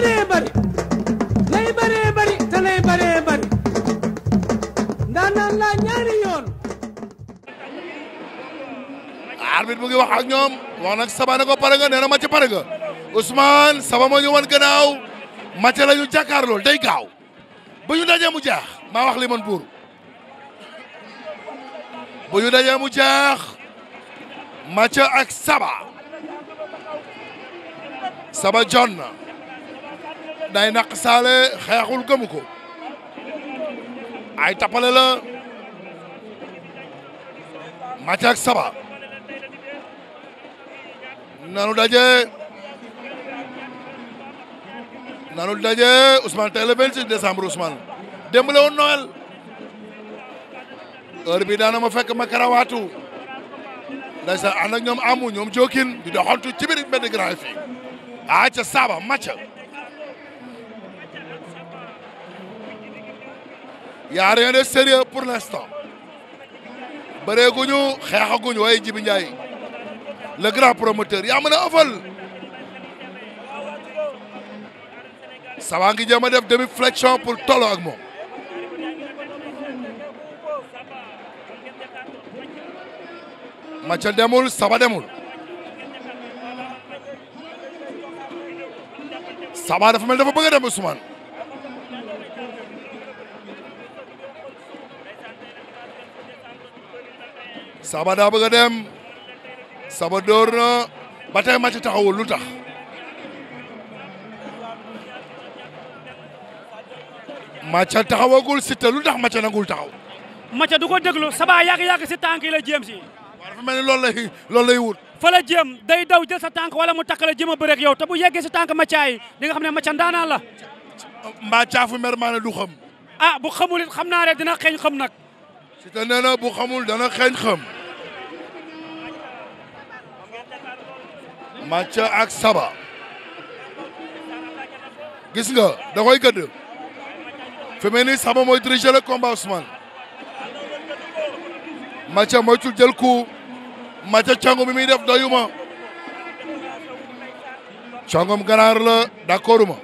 bëree bare, lay bare, bëri te lay bare. bëri ndaanaan laa ñaari yoon arbitre mu ngi wax ak ñoom wax nag saba ne ko nga nee na Mathieu pare nga Ousmane saba moo ñu wan gannaaw Mathieu la ñu jàkkaar lool day gaaw bu ñu mu jaax wax li man bu ñu mu jaax ak saba saba day naq saale xeexul gëmu ko ay tapale la Mathia ak Saba nanu daje nanu daje Ousmane tey le 26 décembre Ousmane démb la woon Noël heure bi daana ma fekk ma karawaatu ndeysaan ànd ak ñoom amu ñoom jokin di doxantu ci biir mbedd grand fii Saba Mathia y a rien de sérieux pour l'instant bëreeguñu xeexaguñu waaye Jibi Ndiaye le grand promoteur yaa mën a ëffal ngi jéem a def demi flexion pour tolo ak moom Mathieu demul Saba demul Saba dafa mel dafa bëgg a dem Saba daa bëgg dem Saba dóor na ba tey ma ci taxawul lu tax Macha taxawagul Siteu lu tax Macha nangul taxaw. Macha du ko déglu Saba yàgg yàgg si tànk yi la jéem si. waaw dafa mel ni loolu lay loolu lay wut. fa la jéem day daw jël sa tànk wala mu takkale jéem a bëreeg yow te bu yeggee si tànk Macha yi di xam ne Macha ndaanaan la. mbaa caafu mer maa du xam. ah bu xamul xam naa ne dina xeeñ xam nag. Siteu nee na bu xamul dana xeeñ xam. Macha ak Saba gis nga da koy gëdd fi mu ne nii Saba mooy diriger le combat Ousmane Macha moytul jël coup Macha cangu mi muy def doyuma cangum ganaar la d'accord ma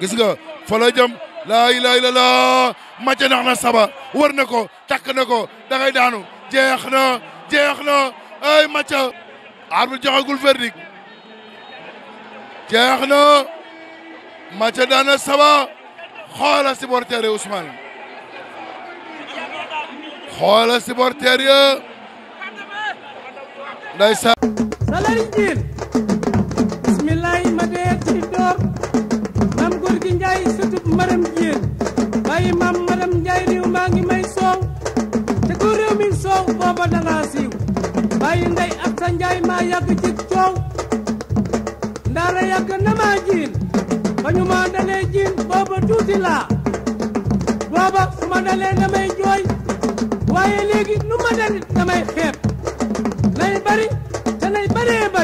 gis nga fa la jëm laa ilaaha illallaah Macha nax Saba war na ko takk na ko da daanu jeex na jeex na. ay Macha arbitre joxagul verdict jeexna na Macha daan Saba xola supporter Ousmane xola supporter ya yi sa salari jiin bismillah ma de ci dor nam gor gi Njaay sutu maram jiin bàyyi mam maram Njaay réew ma ngi may song te ko rew mi song bobo booba ndey ak sa njaay maa yàgg ci coow ndaara yàgg na maa jiin ba jiin booba tuuti laa booba su ma dalee jooy waaye léegi nu ma dalit damay xeeb nay bari te nay